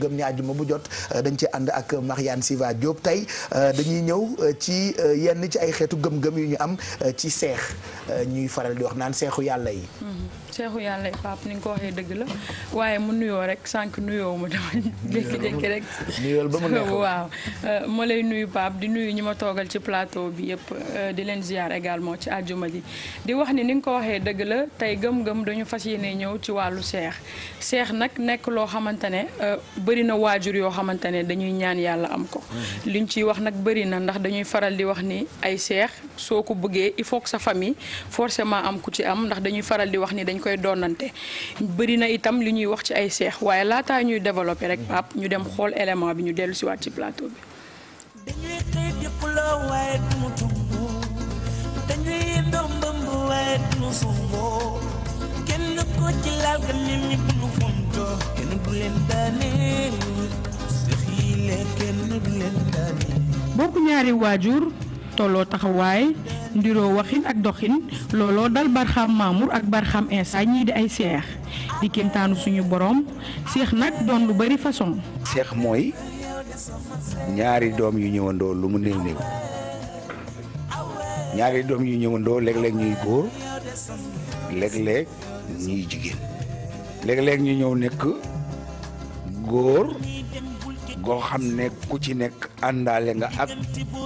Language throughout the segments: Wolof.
gëm ni àjjuma bu jot euh, dañu ci ànd ak Marianne Siva jóob tey euh, dañuy ñëw euh, ci yenn ci ay xeetu gëm-gëm yu ñu am ci seex ñuy faral di wax naan seexu yàlla yi mm-hmm. seexu yàlla Pape ni nga ko waxee dëgg la waaye mu nuyoo rek sànq nuyoo ma dama jékki-jékki rek. nuyoo ba mu neex waaw. Euh, ma lay nuyu Pape di nuyu ñi ma toogal ci plateau bi yëpp euh, di leen ziar également ci àjjuma ji di wax ni ni nga ko waxee dëgg la tey gëm-gëm dañu fas yéene ñëw ci wàllu seex seex nag nekk loo xamante ne euh, bëri na waajur yoo xamante ne dañuy ñaan yàlla am ko. Mm-hmm. liñ ciy wax nag bëri na ndax dañuy faral di wax ni ay seex soo ko bëggee koy doonante bëri na itam li ñuy wax ci ay seex waaye laataa ñuy développé rek mm-hmm. Pape ñu dem xool élément bi ñu dellu si ci plateau bi. dañuy xëy dëpp la waaye mu jumbo dañuy ko ci ñaari waajur tolloo taxawaay ndiroo waxin ak doxin looloo dal barxam Mamour ak barxam Insa ñii di ay seex di kéemtaanu suñu boroom seex nag doon lu bari façon. seex mooy ñaari doom yu ñëwandoo lu mu ñaari doom yu ñëwandoo léeg-léeg ñuy góor léeg-léeg ñuy jigéen léeg-léeg ñu ñëw nekk góor goo xam ne ku ci nekk àndaale nga ak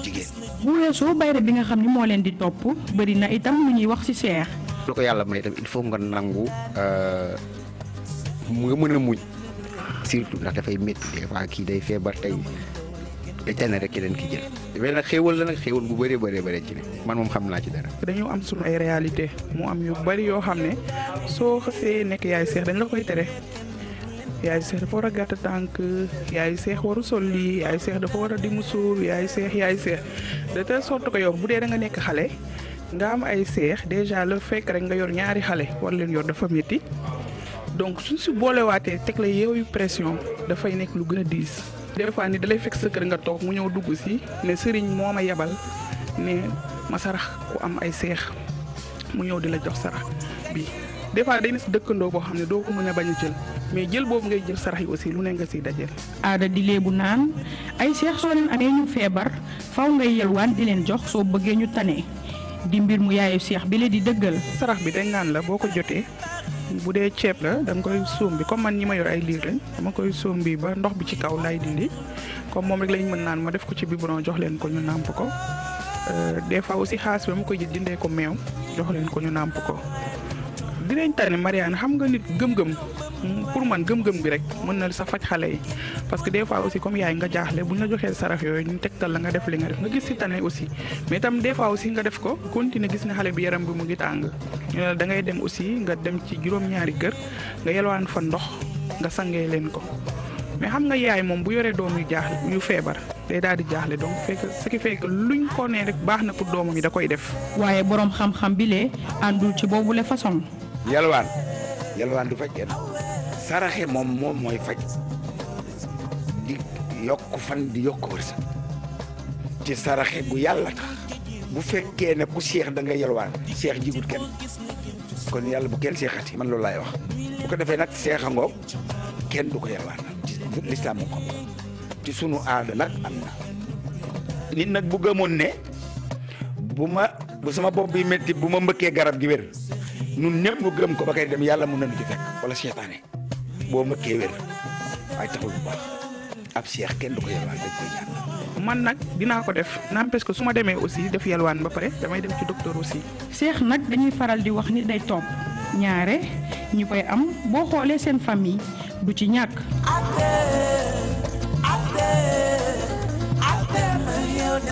jigéen. bu weesoo bayre bi nga xam ni moo leen di topp bëri na itam lu ñuy wax ci seex. lu ko yàlla may itam il faut nga nangu euh, nga mën na muñ surtout ndax dafay métti des kii day feebar tey day tane rek keneen ki jël. mais nag xéewal la nag xéewal gu bëree bëree bëri ci ne man moom xam naa ci dara. dañoo am sunu ay réalité mu am yu bari yoo xam ne soo xasee nekk yaay seex dañ la koy tere. yaayu seex dafa war a gàtt tànk yaayu seex waru sol lii yaayu seex dafa war a di musuur yaayu seex yaayu seex de telle sorte que yow bu dee danga nekk xale nga am ay seex déjà la fekk rek nga yor ñaari xale war leen yor dafa métti donc suñ si boolewaatee teg la yeewu pression dafay nekk lu gën a diis. des fois ni dalay fekk sa kër nga toog mu ñëw dugg si ne sëriñ moo a yebal ne ma sarax ku am ay seex mu ñëw di la jox sarax bi des fois day nekk xam ne doo ko mën a bañ a jël. mais jël boobu ngay jël sarax yi aussi lu ne nga siy dajal. aada di léebu naan ay seex soo leen amee ñu feebar faw ngay yelwaan di leen jox soo bëggee ñu tane di mbir mu yaayu seex bi la di dëggal. sarax bi dañ naan la boo ko jotee bu dee ceeb la dama koy suum bi comme man ñi ma yor ay liir lañ dama koy suum bi ba ndox bi ci kaw lay dindi comme moom rek lañ mën naan ma def ko ci biberon jox leen ko ñu nàmp ko euh, des faw aussi xaas bi mu koy jël dindee ko meew jox leen ko ñu nàmp ko. dinañ tane Marianne xam nga nit gëm pour man gëm-gëm bi rek mën na sa faj xale yi parce que des fois aussi comme yaay nga jaaxle bu ñu la joxee sarax yooyu ñu tegtal la nga def li nga def nga gis si tane aussi mais tam des fois aussi nga def ko continuer gis ne xale bi yaram bi mu ngi tàng ñu ne la ngay dem aussi nga dem ci juróom-ñaari kër nga yelwaan fa ndox nga sangee leen ko mais xam nga yaay moom bu yoree doom yu jaaxle yu feebar day daal di jaaxle donc fekk ce qui fait luñ ko nee rek baax na pour doomam yi da koy def. waaye borom xam bi lee àndul ci boobule façon. yalwaan yalwaan du faj kenn saraxe moom moom mooy faj di yokk fan di yokk wërsëg ci saraxe gu yàlla tax bu fekkee ne ku seex da nga yalwaan seex jigut kenn kon yàlla bu kenn seexati man loolu laay wax bu ko defee nag seexa ngoog kenn du ko yalwaan lislaam moo ko ci sunu aada nag am na nit nag bu gëmoon ne bu ma bu sama bopp bi métti bu ma mbëkkee garab gi wér nun ñëpp gëm ko ba kay dem yàlla mun nañu ci fekk wala seetaane boo ma wér waaye taxul bu baax ab seex kenn du ko yalwaan dañ koy nag dinaa ko def n'empêche que su ma demee aussi def yalwaan ba pare damay dem ci docteur aussi. seex nag dañuy faral di wax ni day topp ñaare ñu koy am boo xoolee seen famille du ci ñàkk.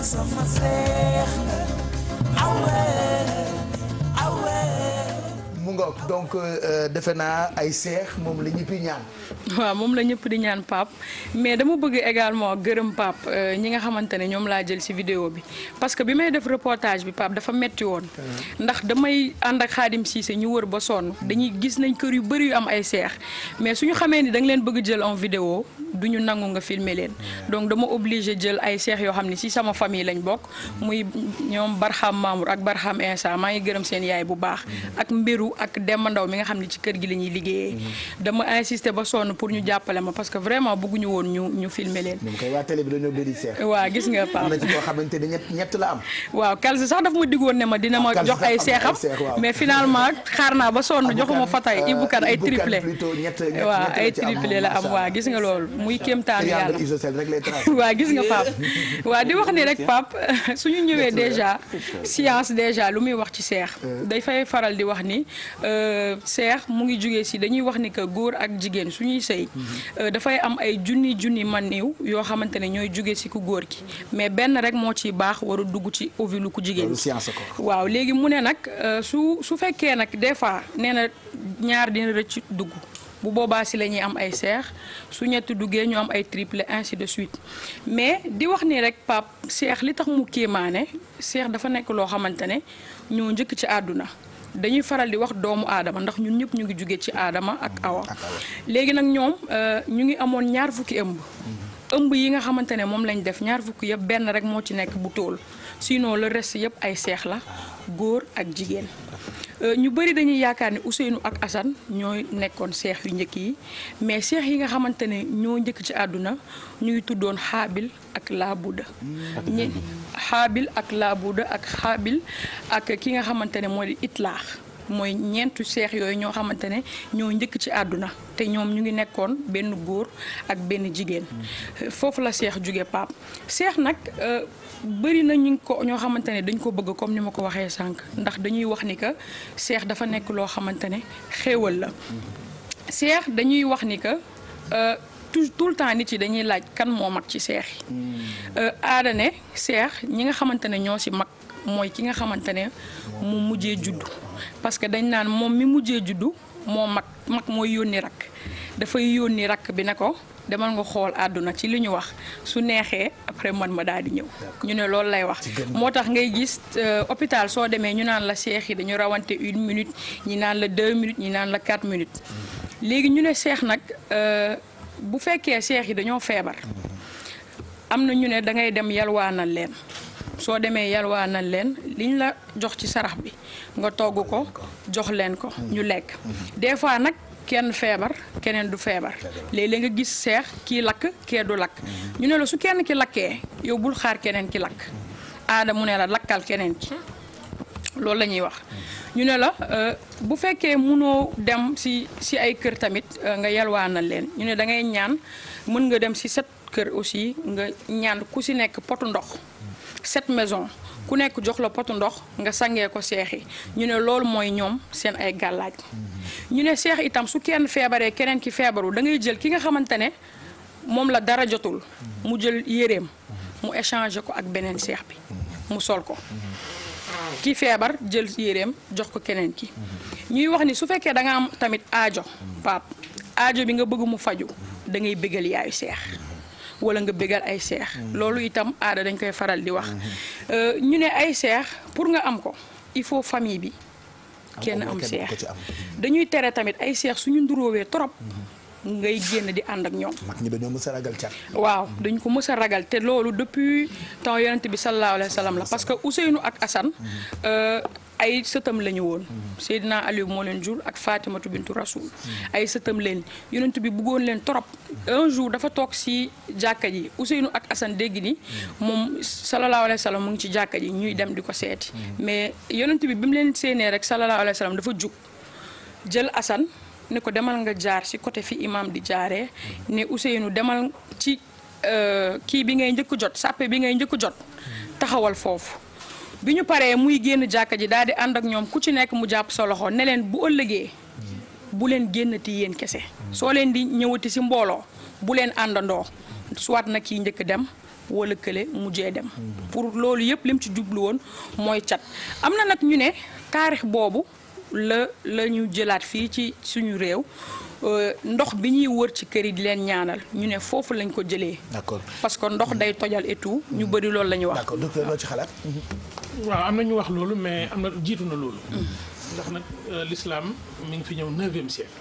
sama seex mu donc euh, euh, defe naa ay seex moom la ñëpp di ñaan. waaw moom la ñëpp di ñaan pap mais dama bëgg également gërëm pap euh, ñi nga xamante ne ñoom laa jël ci vidéo bi parce que bi may def reportage bi pap dafa metti woon. Hmm. ndax damay ànd ak Xaadim Siise ñu wër ba sonn dañuy gis nañ kër yu bëri yu am ay seex mais suñu xamee ni da leen bëgg jël en vidéo du ñu nangu nga filme leen donc dama obligé jël ay seex yoo xam ne si sama famille lañ bokk muy ñoom Barxam Mamour ak Barxam Insa maa ngi gërëm seen yaay bu baax mm-hmm. ak Mbiru ak Demba Ndaw mi nga xam ne ci kër gi la ñuy liggéeyee mm-hmm. dama insister ba sonn pour ñu jàppale ma parce que vraiment bëgguñu woon ñu ñu filmer leen waaw gis nga Pape am na ci koo xamante ne ñett ñett la am waaw Kalsi sax daf ma diggoon ne ma dina ma ah, jox ay seexam mais finalement xaar naa ba sonn joxuma fatay Ibu Kan euh, ay triplé waaw ay triplé la am waaw gis nga loolu muy kéemtaanu yàlla waaw gis nga Pape waa di wax ni rek Pape suñu ñëwee déjà science déjà lu muy wax ci seex euh. day fay faral di wax ni seex euh, mu ngi jugee si dañuy wax ni que góor ak jigéen suñuy sëy mhm. euh, dafay am ay junni junni maniw yoo xamante ne ñooy jugee si ku góor ki mais benn rek moo ciy baax waru dugg ci ovule ku jigéen waaw léegi mu ne nag su su fekkee nag des fois nee na ñaar dina rëcc dugg bu boobaa si la ñuy am ay seex su ñetti duggee ñu am ay triple ainsi de suite mais di wax nii rek pap seex li tax mu kéemaane seex dafa nekk loo xamante ne ñoo njëkk ci àdduna dañuy faral di wax doomu aadama ndax ñun ñëpp ñu ngi jóge ci aadama ak awa léegi nag ñoom euh, ñu ngi amoon ñaar fukki ëmb ëmb yi nga xamante ne moom lañ def ñaar fukki yëpp benn rek moo ci nekk bu tóol sinon la reste yëpp ay seex la góor ak jigéen Euh, ñu bëri dañuy yaakaar ne Ousseynou ak Assane ñooy nekkoon seex yu njëkk yi mais seex yi nga xamante ne ñoo njëkk ci àdduna ñuy tuddoon xaabil ak laabuda ñi xaabil ak laabuda ak xaabil ak ki nga xamante ne moo di itlaax mooy ñeentu seex yooyu ñoo xamante ne ñoo njëkk ci àdduna te ñoom ñu ngi nekkoon benn góor ak benn jigéen mm. foofu la seex jóge pap seex nag euh, bëri na ñu ko ñoo xamante ne dañ ko bëgg comme ni ma ko waxee sànq ndax dañuy wax ni que seex dafa nekk loo xamante ne xéewal la mm. seex dañuy wax ni que euh, tout tout le temps nit yi dañuy laaj kan moo mag ci seex yi mm. euh, aada ne seex ñi nga xamante ne ñoo si mag mooy ki nga xamante ne mu mujjee juddu parce que dañ naan moom mi mujjee juddu moo mag mag mooy yónni rakk dafay yónni rakk bi ne ko demal nga xool àdduna ci li ñu wax su neexee après man ma daal di ñëw ñu ne loolu lay wax moo tax ngay gis euh, hôpital soo demee ñu naan la seex yi dañu rawante une minute ñi naan la deux minutes ñi naan la quatre minutes mm-hmm. léegi ñu ne seex nag euh, bu fekkee seex yi dañoo feebar mm-hmm. am na ñu ne da ngay dem yalwaanal leen soo demee yalwaanal leen liñ la jox ci sarax bi nga togg ko jox leen ko ñu lekk des fois nag kenn feebar keneen du feebar léeg nga gis seex kii lakk kee du lakk ñu ne la su kenn ki lakkee yow bul xaar keneen ki lakk aada mu ne la lakkal keneen ki loolu la ñuy wax ñu ne la euh, bu fekkee mënoo dem si si ay kër tamit euh, nga yalwaanal leen ñu ne da ngay ñaan mën nga dem si set kër aussi nga ñaan ku si nekk potu ndox cette maison ku nekk jox la potu ndox nga sangee ko seex yi ñu ne loolu mooy ñoom seen ay gàllaaj ñu ne seex itam su kenn feebaree keneen ki feebaru da ngay jël ki nga xamante ne moom la dara jotul mu jël yéreem mu échanger ko ak beneen seex bi mu sol ko ki feebar jël yéreem jox ko keneen ki ñuy wax ni su fekkee danga am tamit aajo paap aajo bi nga bëgg mu faju da ngay bëggal yaayu seex wala nga bégal ay seex. Mm-hmm. loolu itam aada dañ koy faral di wax. Mm-hmm. Euh, ñu ne ay seex pour nga am ko il faut famille bi. kenn am seex mm-hmm. dañuy tere tamit ay seex ñu nduroowee trop. ngay génn di ànd ak ñoom. mag ñi dañoo mës a ragal cat. waaw dañ ko mës a ragal te loolu depuis temps yonent bi sallallahu alayhi wa sallam la parce que Ousseynou ak Assane. Euh, ay sëtam la ñu woon Seydina Aliou moo leen jur ak Fatimatu bintu Rasoul ay sëtam leen yonent bi bëggoon leen trop un jour dafa toog si jàkka ji Ousseynou ak Assane dégg ni moom sallallahu alayhi wa mu ngi ci jàkka ji ñuy dem di ko seeti mais yonent bi bi mu leen séenee rek sallallahu alayhi wa dafa jug jël Assane ne ko demal nga jaar si côté fi imam di jaaree ne nu demal ci euh, kii bi ngay njëkk jot sàppe bi ngay njëkk jot taxawal foofu bi ñu paree muy génn jàkka ji daal di ànd ak ñoom ku ci nekk mu jàpp sa loxo ne leen bu ëllëgee bu leen génnati yéen kese soo leen di ñëwati si mbooloo bu leen àndandoo soit nag kii njëkk dem wala kële mujjee dem pour loolu yëpp lim ci jublu woon mooy cat am na nag ñu ne taarix boobu la la ñu jëlaat fii ci suñu réew euh, ndox bi ñuy wër ci kër yi di leen ñaanal ñu ne foofu lañ ko jëlee. d'accord parce que ndox day tojal et ñu mm. bari loolu la ñu wax. d'accord ci xalaat. Mm-hmm. waaw am na ñu wax loolu mais am na jiitu na loolu. ndax nag euh, lislaam mu ngi fi ñëw neuvième siècle.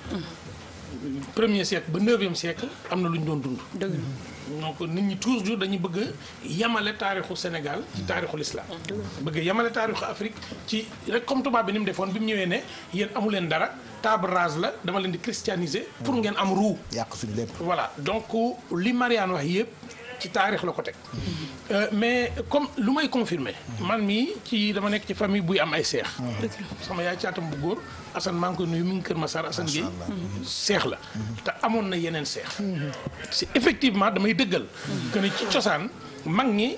premier siècle ba neuvième siècle am na lu ñu doon dund. dëgg donc nit ñi jours dañu bëgg a yamale taarixu Sénégal ci taarixu l'islam. bëgg a yamale taarixu Afrique ci rek comme tubaab bi ni mu defoon bi mu ñëwee ne yéen amu leen dara table rase la dama leen di christianiser. pour ngeen am ruu. yàq suñu lépp voilà donc li Marianne wax yëpp. ci taarix la ko teg. Euh, mais comme lu may confirmer man mii ci dama nekk ci famille buy am ay seex. sama yaay caatam bu góor Assane maa ngi koy ngi Kër Massar Assane Gueye. seex la te amoon na yeneen seex. si effectivement damay dëggal. que ne cosaan mag ñi.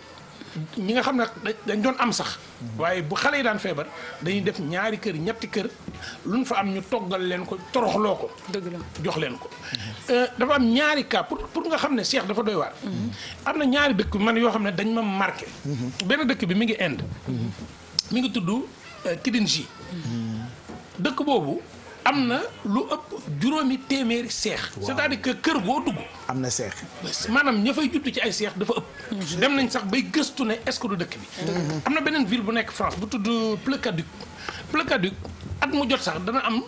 ñi nga xam ne dañ doon am sax waaye bu xale yi daan feebar dañuy def ñaari kër ñetti kër luñ fa am ñu toggal leen ko toroxloo ko. dëgg la jox leen ko. Euh, dafa am ñaari cas pour pour nga xam ne Cheikh dafa doy waar. am na ñaari dëkk man yoo xam ne dañ ma marqué. benn dëkk bi mu ngi Inde. mi ngi tudd euh, Kidinji. dëkk boobu am na lu ëpp juróomi téeméeri seex. c'est-à-dire kër goo dugg. am na seex. maanaam ña fay juddu ci ay seex dafa ëpp. dem nañ sax bay gëstu ne est du dëkk bi. am na beneen ville bu nekk France bu tudd Plecaduc Plecaduc at mu jot sax dana am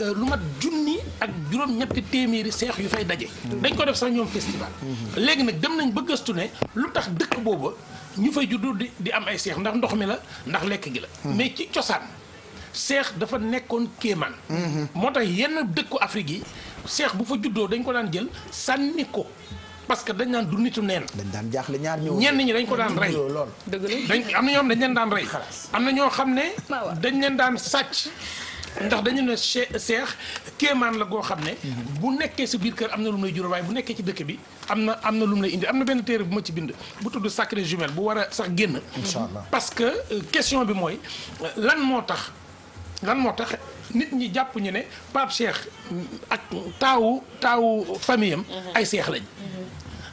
euh, lu mat junni ak juróom-ñetti téeméeri seex yu fay daje. dañ ko def sa ñoom festival. léegi nag dem nañ ba gëstu ne lu tax dëkk booba ñu fay juddu di di am ay seex ndax ndox mi la ndax lekk gi la. Hmm. mais ci cosaan seex dafa nekkoon kéemaan. Hmm. moo tax yenn dëkku Afrique yi seex bu fa juddoo dañ ko daan jël sànni ko. parce que dañ naan du nitu neen. dañ daan jaaxle ñaar ñëw ñenn ñi dañ ko daan rey. dëgg la dañ am na ñoo xam leen daan rey. am na ñoo xam ne. dañ leen daan sàcc. ndax dañu ne seex kéemaan la goo xam ne bu nekkee sa biir kër am na lu mu lay waaye bu nekkee ci dëkk bi am na am na lu mu lay indi am na benn téere bu ma ci bind bu tudd sacré jumelle bu war a sax génn parce que euh, question bi mooy euh, lan moo tax lan moo tax nit ñi jàpp ñu ne Pape Cheikh ak taawu taawu famille am mhm. ay seex lañ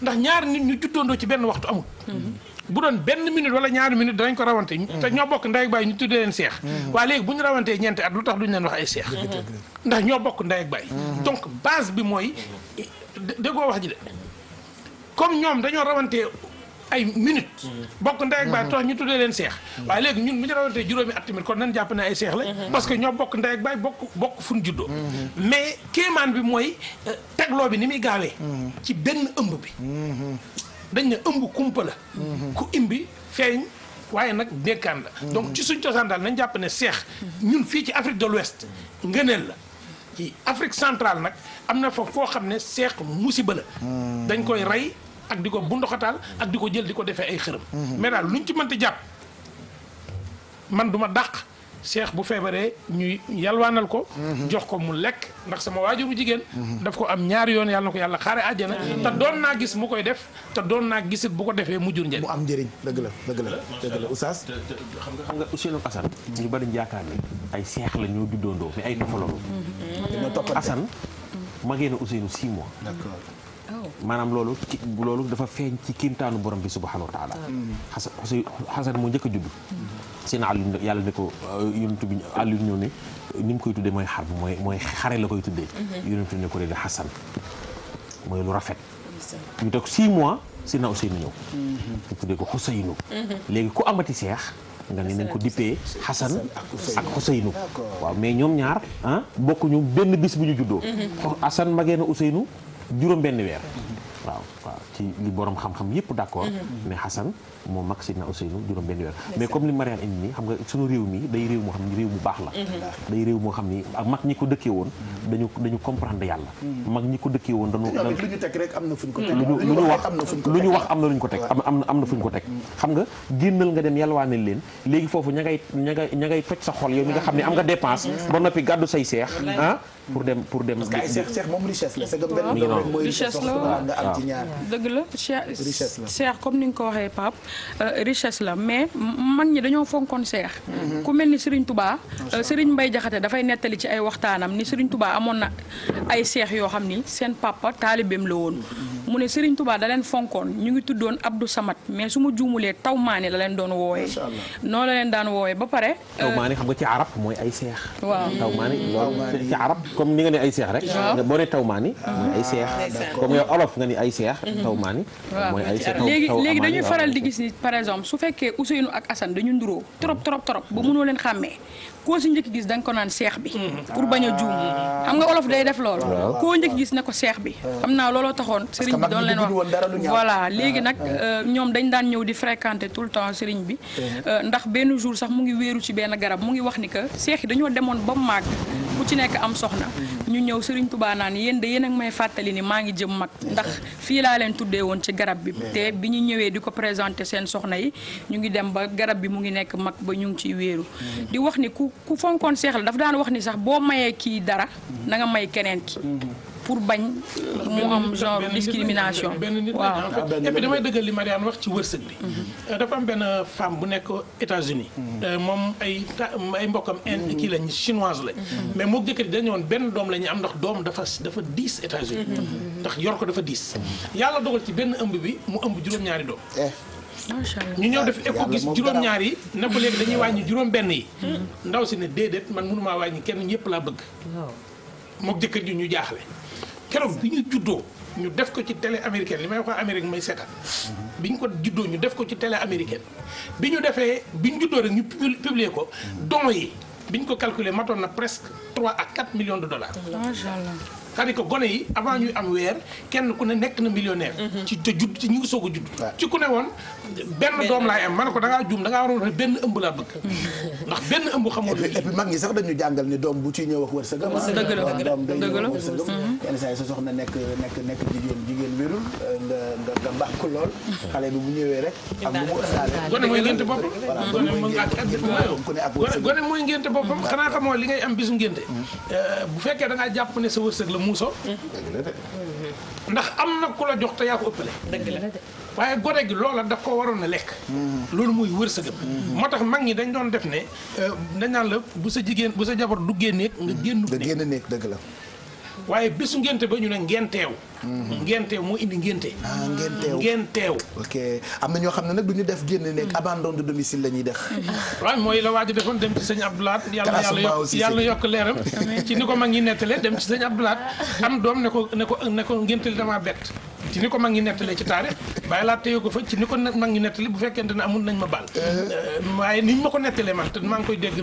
ndax ñaar nit ñu juddoondoo ci benn waxtu amul mhm. bu doon benn minute wala ñaari minute danañ ko rawante mm. te ñoo bokk ndey ak baay ñu tuddee leen seex mm. waaye léegi bu ñu rawantee ñeenti at lu tax leen wax ay seex ndax ñoo bokk ndey ak baay mm-hmm. donc bi mooy déggoo wax ji comme ñoom dañoo rawantee ay minute mm-hmm. bokk ndey ak mm-hmm. tax ñu tuddee leen seex waaye léegi ñun bu ñu rawantee juróomi at tamit kon nañ jàpp ne ay seex lañ parce que ñoo bokk ndey ak baay bokk bokk fu ñu juddoo mais kéemaan bi mooy euh, tegloo bi ni muy gaawee ci benn ëmb bi dañ ne ëmb kumpa la mhm. ku imbi feeñ waaye nag dékkaan la mhm. donc ci suñ cosaan daal nañ jàpp ne seex ñun fii ci Afrique de l'Ouest ngëneel la ci Afrique centrale nag am na fa foo xam ne seex musiba la mhm. dañ koy rey ak di ko bu bundoxataal ak di ko jël di ko defee ay xërëm mais daal luñ ci mënti jàpp man duma dàq seex bu feebaree ñuy yalwaanal ko. Mhm. jox ko mu lekk ndax sama bu jigéen. Mhm. daf ko am ñaari yoon yàlla na ko yàlla xaare àjjana. te doon naa gis mu koy def te doon naa gisit bu ko defee mu jur njëriñ. mu am njëriñ dëgg la dëgg la dëgg xam nga xam nga Ousseynou Assane. ñu bari ñu yaakaar ni ay seex la ñoo juddoondoo mais ay tofaloo. dañoo mhm. toppante Assane. magee na Ousseynou 6 maanaam loolu ci loolu dafa feeñ ci kiimtaanu borom bi subhanahu wa taala xasan xasan moo njëkk a judd seen àll yàlla ne ko euh, yonentu bi àll ñëw ne ni mu koy tuddee mooy xar mooy mooy xare la koy tuddee mhm. yonentu ne ko dee xasan mooy lu rafet ñu toog 6 mois Seydina Ousseynou ñëw mhm. ñu tuddee ko Xuseynu mhm. léegi ku amati seex nga ne nañ ko dippee Xasan ak Xuseynu waaw mais ñoom ñaar ah bokkuñu benn bis bu ñu juddoo Xasan magee na Ousseynou juróom benn weer ci li borom xam-xam yëpp d'accord mm-hmm. mais Xasan moo mag Sidna Ousseynou juróom benn weer mais comme li Marianne indi nii xam nga suñu réew mi day réew moo xam ni réew mu baax la mm-hmm. day réew moo xam ni mm-hmm. mag ñi ko dëkkee woon dañu dañu comprendre yàlla mag ñi ko dëkkee woon dañu lu ñu teg rek ko teg lu ñu wax lu ñu wax am na lu ñu ko teg am am na fuñ ko teg xam nga génnal nga dem yalwaane leen léegi foofu ña ngay ña ngay ña ngay toj sa xol yow mi nga xam ne am nga dépense ba noppi gàddu say seex ah pour dem pour dem parce que ay seex seex moom richesse la richesse la seex comme ni nga ko waxee Pape euh, richesse la mais mag ñi dañoo fonkoon seex mhm. ku mel ni Serigne Touba euh, Serigne mbay Jaxate dafay nettali ci ay waxtaanam ni Serigne Touba amoon na ay seex yoo xam ni seen papa taalibeem la woon mhm. mu ne Serigne Touba da leen fonkoon ñu ngi tuddoon Abdou Samad mais su ma juumulee taw maani la leen doon wooyee. noo la leen daan wooyee ba pare. Euh, taw maani xam nga ci arab mooy ay seex. waaw taw maani loolu comme ni nga ne ay seex rek. waaw boo taw maani mooy ay seex. comme nga ni ay seex. Mhm. taw maani mooy ay seex. faral di gis par exemple su fekkee Ousseynou ak Assane dañu nduroo trop trop trop ba mënoo leen xàmmee. koo si njëkk gis da ko naan seex bi pour bañ ah. xam nga olof day def loolu koo njëkk gis ne ko seex bi ah. xam naa looloo taxoon sëriñ doon leen wax voilà ah, léegi nag ah. euh, ñoom dañ daan ñëw di fréquenter tout le temps sëriñ bi euh, ndax benn jour sax mu ngi wéeru ci benn garab mu ngi wax ni que seex yi dañoo demoon ba mu màgg ku ci nekk am soxna mm-hmm. ñu ñëw sëriñ Tuubaa naan yéen de yéen ak may fàttali ni maa ngi jëm mag ndax fii laa leen tuddee woon ci garab bi te bi ñu ñëwee di ko présenter seen soxna yi ñu ngi dem ba garab bi mu ngi nekk mag ba ñu ngi ciy wéeru mm-hmm. di wax ni ku ku fonkoon seex la dafa daan wax ni sax boo mayee kii dara mm-hmm. na nga may keneen ki pour bañ mu am genre discrimination waaw et puis damay dëggal li Marianne wax ci wërsëg bi mhm. dafa am benn femme bu nekk États-Unis mhm. euh, moom ay ta ay mbokkam inde mhm. kii lañ chinoise lañ mais moo jëkkër dañu woon benn doom la ñu am ndax doom dafa dafa diis États-Unis ndax yor ko dafa diis yàlla dogal ci benn ëmb bi mu ëmb juróom-ñaari doom eh. ñu ñëw def écho gis juróom-ñaar yi ne ko léegi dañuy wàññi juróom benn yi ndaw si ne déedéet man mënumaa wàññi kenn ñëpp laa bëgg mook jëkkër ji ñu jaaxle keroog bi ñu juddoo ñu def ko ci télé américaine li may ko Amérique may seetaan bi ñu ko juddoo ñu def ko ci télé américaine bi ñu defee bi ñu juddoo rek ñu publier ko don yi bi ñu ko calculer matoon na presque 3 à 4 millions de dollars. macha allah. c'est-à-dire que gone yi avant ñuy am weer kenn ku ne nekk na millionnaire. Mhm. ci te judd ci ñu soog a judd. ci ku ne woon benn doom laay am man ko da ngaa juum da ngaa waroon benn ëmb laa bëgg. Mhm. ndax benn ëmb xamoo et puis mag ñi sax dañu jàngal ni doom bu ciy ñëw ak wërsëgam. dëgg ah. la dëgg la doom day ñëw ak wërsëgam. Mhm. yenn saa yi sa soxna nekk nekk nekk jigéen jigéen wérul euh, nga nga nga baax ko lool. xale bi bu ñëwee rek. am lu mu ëndaale. gone mooy ngénte boppam. voilà gone mooy ngénte boppam. gone mooy ngénte boppam xanaa xamoo li ngay am bisu ngénte euh, bu fekkee da ngaa jàpp ne sa wërsëg la muuso ndax am na ku la jox te yaa ko ëppale dëgg la waaye gore gi loola daf ko waroon a lekk mm. loolu muy wërsëgam mm-hmm. moo tax mag ñi dañ doon def ne euh, dañ naan la bu sa jigéen bu sa jabar duggee néeg nga mm-hmm. génn nekk dëgg la waaye bésu ngénte ba ñu ne ngenteew mhm. ngenteew moo indi ngénte ah, ngenteew ngenteew ok am na ñoo xam ne nag du ñu def génn nekk mhm. abandon de domicile la ñuy def waaw mooy la waa ji defoon dem ci sëñ Abdoulaat yàlla yàlla yokk leeram ci ni ko mag ñi nettalee dem ci sëñ Abdoulaat am doom ne ko ne ko ne ko ngénte li damaa bett ci ni ko mag ñi nettalee ci taarix bàyyi laa téye ko fa ci ni ko mag ñi nettalee bu fekkente ne amul nañ ma baal euh. waaye niñ ma ko nettalee man te maa ngi dégg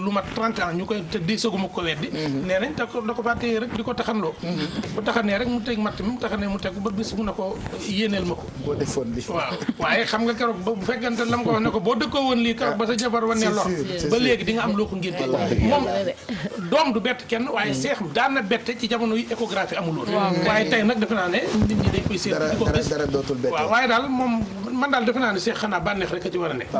te di ko weddi mm-hmm. nee nañ da ko rek taxanloo mm-hmm. bu taxanee rek mu teg matt mi mu taxanee mu teg ba bis mu ne ko yéeneel ma ko boo defoon li bu fekkente lam ko wax ne ko boo dëkkoo woon lii keroog ba sa jabar wane lor ba léegi di nga ko ngénte moom doom du bett kenn waaye mm-hmm. seex daan na bette ci jamono yi échographie amuloon waaye tey nag defe naa nit ñi dañ koy dara dootul bett waaw waaye daal moom man daal defe naa ne Cheikh xanaa bànneex rek a ci war a nekk.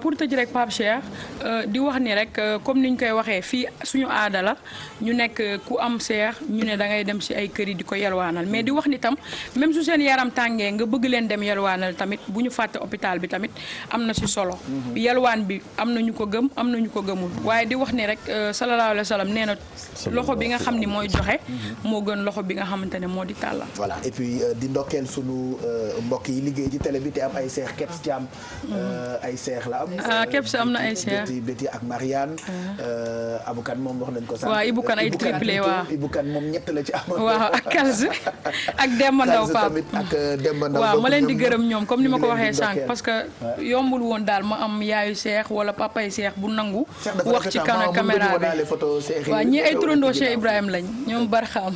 pour tëj rek Pape Cheikh euh, di wax ni rek euh, comme ni ñu koy waxee fii suñu aadala ñu nekk euh, ku am Cheikh ñu ne da ngay dem ci ay kër yi di ko yalwaanal mais di wax ni tam même su seen yaram tàngee nga bëgg leen dem yalwaanal tamit bu ñu fàtte hôpital bi tamit am na ci solo. Mhm. yalwaan bi am na ñu ko gëm am na ñu ko gëmul waaye di wax ni rek sallallahu alayhi wa nee na loxo bi nga xam ni mooy joxe mhm. moo gën loxo bi nga xamante ne moo di tàllal. Euh, mbokk yi liggéey ci télé bi te am ay seex Keps Thiam euh, ay seex la am ah Keps am na ay seex Betty ak Marianne euh, abukan moom wax nañ ko sax waaw ibukan ay triplé waaw ibukan moom ñett la ci am waaw ak Kalz ak Demba Ndaw Paap ak Demba ma leen di gërëm ñoom comme ni ma ko waxee sànq parce que yombul woon daal ma am yaayu seex wala papay seex bu nangu wax ci kanam caméra bi waaw ñi ay turandoo Cheikh Ibrahima lañ ñoom mm. barxaam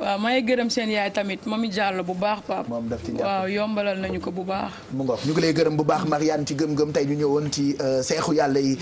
waaw may gërëm seen yaay tamit mami Diallo bu baax pap moom daf ci waaw yombalal nañu ko bu baax. mu ngoog ñu ngi lay gërëm bu baax Marianne ci gëm-gëm tey ñu ñëwoon ci euh, seexu yàlla yi.